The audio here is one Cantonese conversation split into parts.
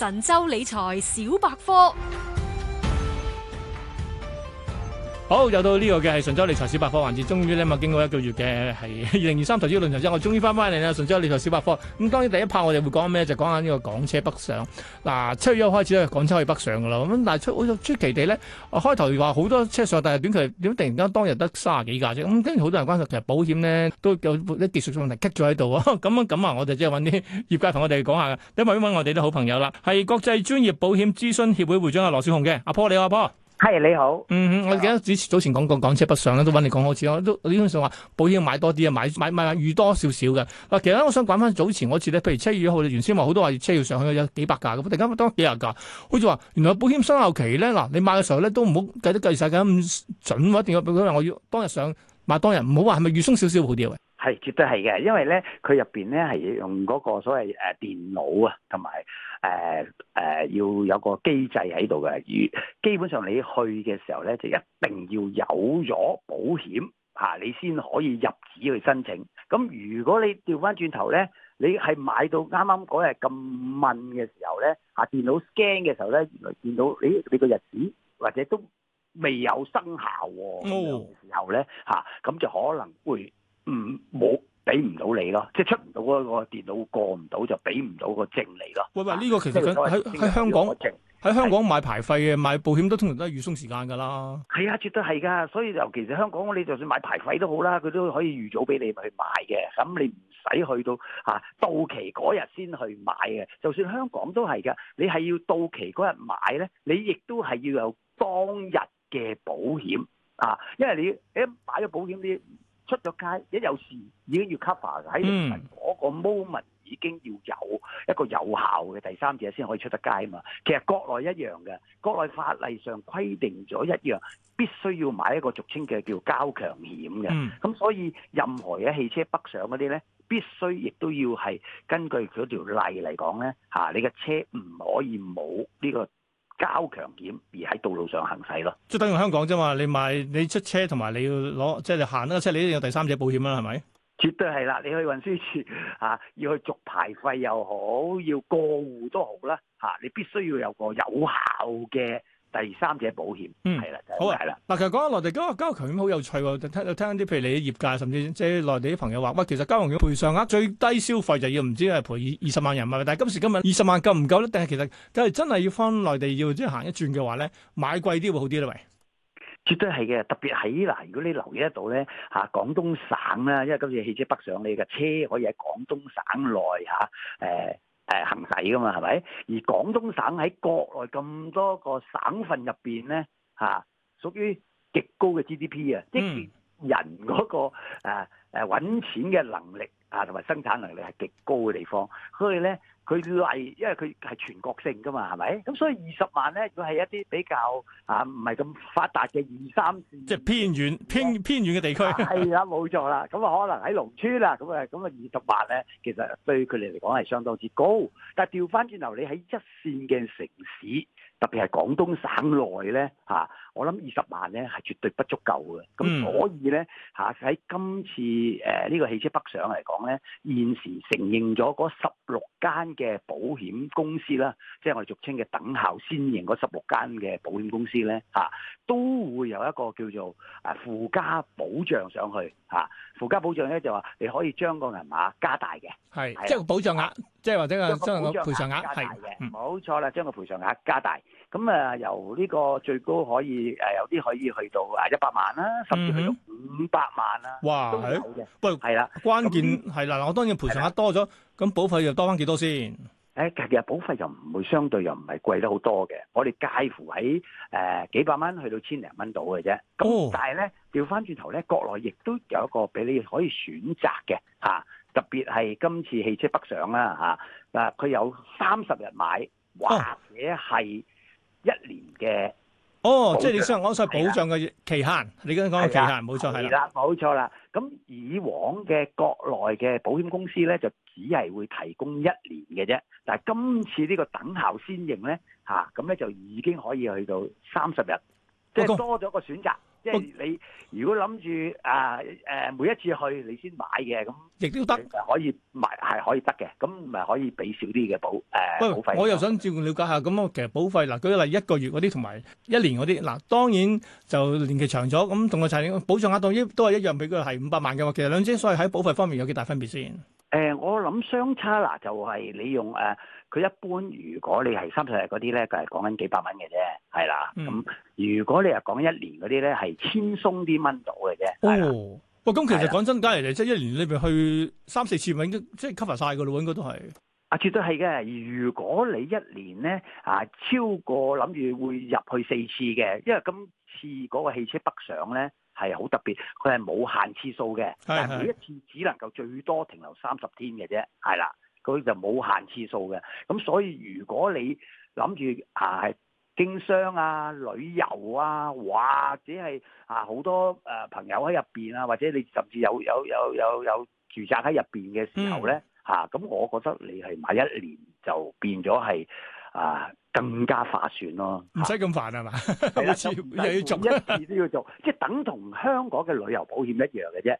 神州理財小百科。好又到呢個嘅係神州理財小百科環節終於咧，咪經過一個月嘅係二零二三投資論壇之後，我終於翻返嚟啦，神州理財小百科。咁當然第一 part 我哋會講咩？就講下呢個港車北上。嗱、啊，七月一號開始咧，港車去北上噶啦。咁但係出好出奇地咧、啊，開頭話好多車上大，但係短期點突然間當日得三十幾架啫。咁跟住好多人關心，其實保險咧都有啲技術問題棘咗喺度啊。咁啊咁啊，我哋即係揾啲業界同我哋講下嘅。你問一問我哋都好朋友啦，係國際專業保險諮詢協會會,會長阿羅少雄嘅阿婆，你好阿婆。係、hey, 你好，嗯嗯，我記得早前早前講過港車北上咧，都揾你講好似，我都我都想話保險買多啲啊，買買買預多少少嘅。嗱，其實我想講翻早前嗰次咧，譬如七月一號，你原先話好多話車要上去有幾百架咁，突然間當幾廿架，好似話原來保險生效期咧，嗱，你買嘅時候咧都唔好計得計晒咁準喎，一定要，因為我要當日上買當日，唔好話係咪預鬆少少好啲嘅。係，絕對係嘅，因為咧，佢入邊咧係要用嗰個所謂誒電腦啊，同埋誒誒要有個機制喺度嘅。如基本上你去嘅時候咧，就一定要有咗保險嚇、啊，你先可以入紙去申請。咁如果你調翻轉頭咧，你係買到啱啱嗰日咁問嘅時候咧，嚇、啊、電腦 scan 嘅時候咧，原來見到咦，你個日子或者都未有生效嘅、哦嗯、時候咧，嚇、啊、咁就可能會。冇俾唔到你咯，即係出唔到嗰個電腦過唔到就俾唔到個證嚟咯。喂喂，呢、這個其實喺香港喺香港買牌費嘅買保險都通常都係預鬆時間噶啦。係啊，絕對係噶。所以尤其是香港，你就算買牌費都好啦，佢都可以預早俾你去買嘅。咁你唔使去到吓、啊、到期嗰日先去買嘅。就算香港都係噶，你係要到期嗰日買咧，你亦都係要有當日嘅保險啊，因為你你買咗保險啲。出咗街，一有事已經要 cover 喺嗰個 moment 已經要有一個有效嘅第三者先可以出得街啊嘛！其實國內一樣嘅，國內法例上規定咗一樣必須要買一個俗稱嘅叫交強險嘅。咁、嗯、所以任何嘅汽車北上嗰啲咧，必須亦都要係根據嗰條例嚟講咧吓，你嘅車唔可以冇呢個。交強險，而喺道路上行駛咯，即係等於香港啫嘛。你賣你出車同埋你要攞，即係你行嗰架車，你都有第三者保險啦，係咪？絕對係啦。你去運輸處嚇，要去續牌費又好，要過戶都好啦嚇，你必須要有個有效嘅。第三者保險，嗯，係啦的，好啊，嗱的，其實講下內地嗰個交強險好有趣喎，聽聽啲譬如你業界，甚至即係內地啲朋友話，喂，其實交強險賠償額最低消費就要唔知係賠二十萬人民，但係今時今日二十萬夠唔夠咧？定係其實真係真係要翻內地要即係行一轉嘅話咧，買貴啲會好啲咧？喂，絕對係嘅，特別喺嗱，如果你留意得到咧，嚇廣東省啦，因為今次汽車北上，你嘅車可以喺廣東省內。嚇、呃，誒。誒行駛噶嘛，係咪？而廣東省喺國內咁多個省份入邊咧，吓、啊、屬於極高嘅 GDP、嗯嗰個、啊，即係人嗰個誒誒揾錢嘅能力。啊，同埋生產能力係極高嘅地方，所以咧佢例，因為佢係全國性㗎嘛，係咪？咁所以二十萬咧，佢果係一啲比較啊，唔係咁發達嘅二三線，即係偏遠、偏偏遠嘅地區。係 啦、哎，冇錯啦，咁啊可能喺農村啦、啊，咁啊咁啊二十萬咧，其實對佢哋嚟講係相當之高。但係調翻轉頭，你喺一線嘅城市，特別係廣東省內咧，嚇、啊。我諗二十萬咧係絕對不足夠嘅，咁、嗯、所以咧嚇喺今次誒呢個汽車北上嚟講咧，現時承認咗嗰十六間嘅保險公司啦，即、就、係、是、我哋俗稱嘅等效先認嗰十六間嘅保險公司咧嚇，都會有一個叫做誒附加保障上去嚇，附加保障咧就話你可以將個銀碼加大嘅，係即係保障額，即係或者將個賠償額加大嘅，冇錯啦，將個賠償額加大，咁啊由呢個最高可以。誒有啲可以去到啊一百萬啦，甚至去到五百萬啦、啊。哇、嗯哼，係，不過係啦，的關鍵係嗱、嗯，我當然賠償得多咗，咁的保費又多翻幾多先？誒，其實保費又唔會相對又唔係貴得好多嘅。我哋介乎喺誒、呃、幾百蚊去到千零蚊度嘅啫。咁、哦、但係咧，調翻轉頭咧，國內亦都有一個俾你可以選擇嘅嚇，特別係今次汽車北上啦嚇嗱，佢有三十日買或者係一年嘅、哦。哦，即係你想講晒保障嘅期限，你咁講嘅期限，冇錯係。係啦，冇錯啦。咁以往嘅國內嘅保險公司咧，就只係會提供一年嘅啫。但係今次呢個等效先認咧，吓咁咧就已經可以去到三十日，即係多咗個選擇。即係你如果諗住啊誒、啊，每一次去你先買嘅咁，亦都得可以買係可以得嘅，咁咪可以俾少啲嘅保誒。呃、喂保我又想照顧了解下，咁我其實保費嗱舉例，一個月嗰啲同埋一年嗰啲，嗱當然就年期長咗，咁同個財險保障額度亦都係一樣，俾佢係五百萬嘅話。其實兩支所以喺保費方面有幾大分別先？誒、呃，我諗相差嗱，就係、是、你用誒，佢、啊、一般如果你係三十日嗰啲咧，就係講緊幾百蚊嘅啫，係啦。咁、嗯嗯、如果你係講一年嗰啲咧，係千鬆啲蚊度嘅啫。哦，喂、嗯，咁的、哦嗯、其實講真的，假如你即係一年裏面去三四次，咪已經即係 cover 晒噶啦，應該都係。啊，絕對係嘅。如果你一年咧啊，超過諗住會入去四次嘅，因為今次嗰個汽車北上咧。係好特別，佢係冇限次數嘅，但係每一次只能夠最多停留三十天嘅啫，係啦，佢就冇限次數嘅。咁所以如果你諗住啊經商啊、旅遊啊、或者係啊好多誒、啊、朋友喺入邊啊，或者你甚至有有有有有住宅喺入邊嘅時候咧，嚇咁、嗯，啊、我覺得你係買一年就變咗係啊。更加化算咯、啊，唔使咁煩係嘛？一次的又要做一次都要做，即、哎、串等同香港嘅旅遊保險一樣嘅啫。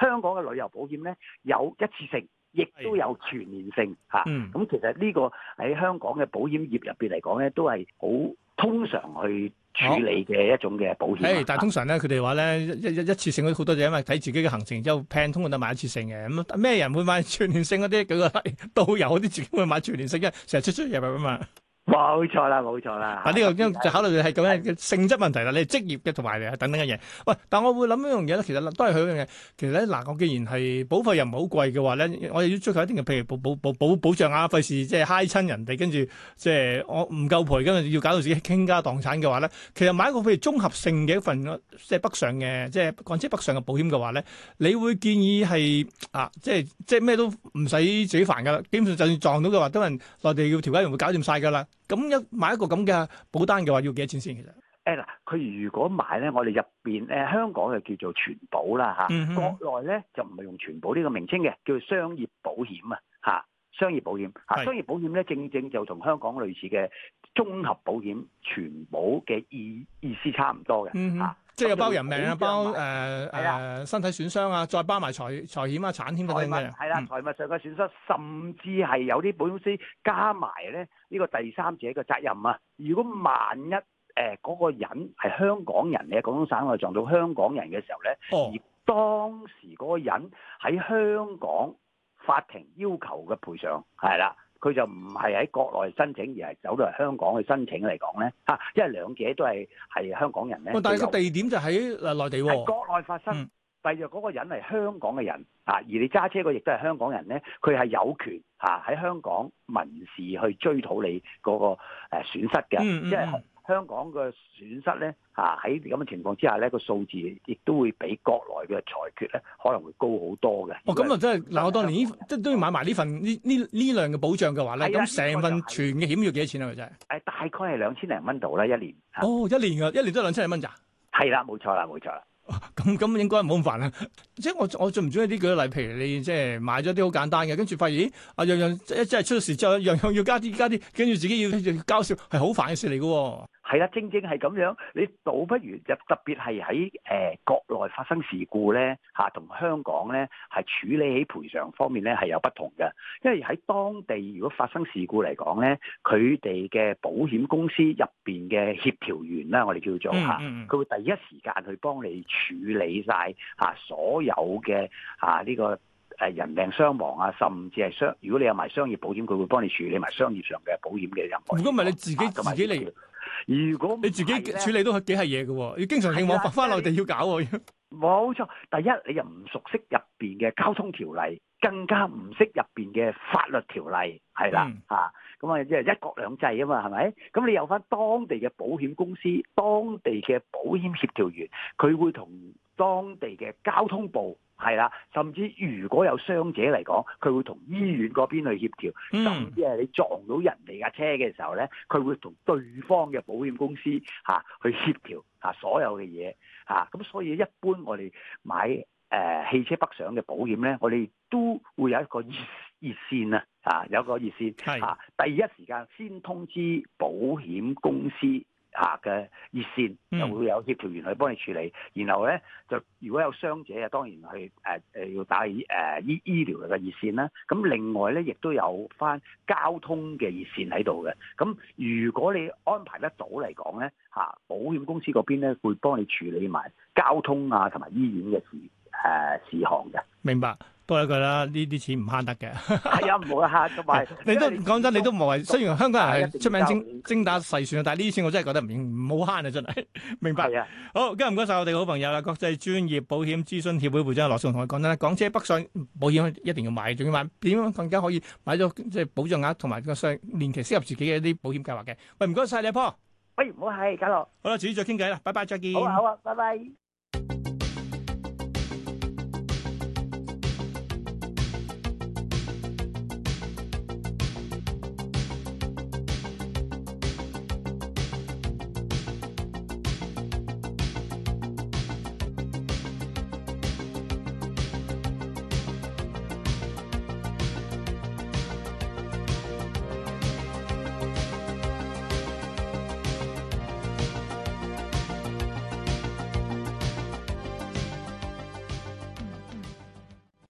香港嘅旅遊保險咧有一次性，亦都有全年性咁對、嗯啊、其實呢個喺香港嘅保險業入邊嚟講咧，都係好通常去處理嘅一種嘅保險、啊哦。但通常咧，佢哋話咧一一一,一次性好多嘢，因為睇自己嘅行程，之後 plan 通常都買一次性嘅咁。咩人會買全年性嗰啲？舉個例，導遊啲自己會買全年性嘅，成日出出入入啊嘛。嗯冇錯啦，冇錯啦。錯啊，呢、這個是就考慮你係咁樣嘅是性質問題啦，你職業嘅同埋嘅等等嘅嘢。喂，但我會諗一樣嘢咧，其實都係佢一樣嘢。其實咧嗱，我既然係保費又唔好貴嘅話咧，我哋要追求，求一定嘅譬如保保保保保障啊，費事即係嗨親人哋，跟住即係我唔夠賠，跟住要搞到自己傾家蕩產嘅話咧，其實買一個譬如綜合性嘅一份即係北上嘅，即係講即係北上嘅保險嘅話咧，你會建議係啊，即係即係咩都唔使自己煩噶啦。基本上就算撞到嘅話，都係內地嘅調解人會搞掂晒噶啦。咁一買一個咁嘅保單嘅話，要幾多錢先？其實，誒嗱，佢如果買咧，我哋入邊誒香港嘅叫做全保啦嚇，國內咧就唔係用全保呢個名稱嘅，叫商業保險啊嚇，商業保險嚇，商業保險咧正正就同香港類似嘅綜合保險全保嘅意意思差唔多嘅嚇。即係包人命啊，包誒誒、呃、的身體損傷啊，再包埋財財險啊、產險嗰啲嘅。係啦，財物上嘅損失，嗯、甚至係有啲保險公司加埋咧呢、呢個第三者嘅責任啊。如果萬一誒嗰、呃那個人係香港人，你喺廣東省我撞到香港人嘅時候咧，哦、而當時嗰個人喺香港法庭要求嘅賠償係啦。是佢就唔係喺國內申請，而係走到嚟香港去申請嚟講咧嚇，因為兩者都係係香港人咧。但係個地點就喺內地喎。國內發生，但若嗰個人係香港嘅人嚇，而你揸車個亦都係香港人咧，佢係有權嚇喺香港民事去追討你嗰個誒損失嘅，因為、嗯。嗯香港嘅損失咧，嚇喺咁嘅情況之下咧，個數字亦都會比國內嘅裁決咧可能會高好多嘅。的哦，咁啊真係嗱，嗯、我當年依是即係都要買埋呢份呢呢呢樣嘅保障嘅話咧，咁成、啊、份全嘅險要幾多錢啊？佢真係誒，大概係兩千零蚊度啦，一年。啊、哦，一年啊，一年都兩千零蚊咋？係啦，冇錯啦，冇錯啦。咁咁、哦嗯嗯、應該唔好咁煩啦。即係我我最唔中意啲嘅，舉例譬如你即係買咗啲好簡單嘅，跟住發現、哎、啊，樣樣一即係出咗事之後，樣樣要加啲加啲，跟住自己要交少，係好煩嘅事嚟嘅。係啦，正正係咁樣，你倒不如就特別係喺誒國內發生事故咧嚇，同、啊、香港咧係處理起賠償方面咧係有不同嘅。因為喺當地如果發生事故嚟講咧，佢哋嘅保險公司入邊嘅協調員啦，我哋叫做嚇，佢、啊、會第一時間去幫你處理晒嚇所有嘅嚇呢個。係人命傷亡啊，甚至係商。如果你有埋商業保險，佢會幫你處理埋商業上嘅保險嘅任何。如果唔係你自己自己嚟，如果你自己處理都係幾係嘢嘅，你經常性往發翻內地要搞，啊。冇錯，第一你又唔熟悉入邊嘅交通條例，更加唔識入邊嘅法律條例，係啦吓。咁、嗯、啊，即係一國兩制啊嘛，係咪？咁你有翻當地嘅保險公司，當地嘅保險協調員，佢會同。當地嘅交通部係啦，甚至如果有傷者嚟講，佢會同醫院嗰邊去協調；甚至係你撞到人哋架車嘅時候呢，佢會同對方嘅保險公司嚇去協調啊，所有嘅嘢嚇。咁所以一般我哋買誒、呃、汽車北上嘅保險呢，我哋都會有一個熱熱線啊，嚇有一個熱線是、啊、第一時間先通知保險公司。吓嘅熱線就會有協調員去幫你處理，然後咧就如果有傷者啊，當然去誒誒、呃呃、要打誒醫、呃、醫療嘅熱線啦。咁另外咧，亦都有返交通嘅熱線喺度嘅。咁如果你安排得早嚟講咧，嚇保險公司嗰邊咧會幫你處理埋交通啊同埋醫院嘅事誒、呃、事項嘅。明白。多一句啦，呢啲錢唔慳得嘅。係 啊、哎，唔好慳同埋。你都講真，你都唔係。雖然香港人係出名精精打細算，但係呢啲錢我真係覺得唔好慳啊！真係明白。嘅的。好，今日唔該晒我哋嘅好朋友啦，國際專業保險諮詢協會會長羅少雄同我講真啦，港車北上保險一定要買，仲要買點樣更加可以買咗即係保障額同埋個相年期適合自己嘅一啲保險計劃嘅。喂，唔該晒你，阿婆、哎。喂，唔好係，家樂。好啦，遲啲再傾偈啦，拜拜，再見。好啊好啊，拜拜。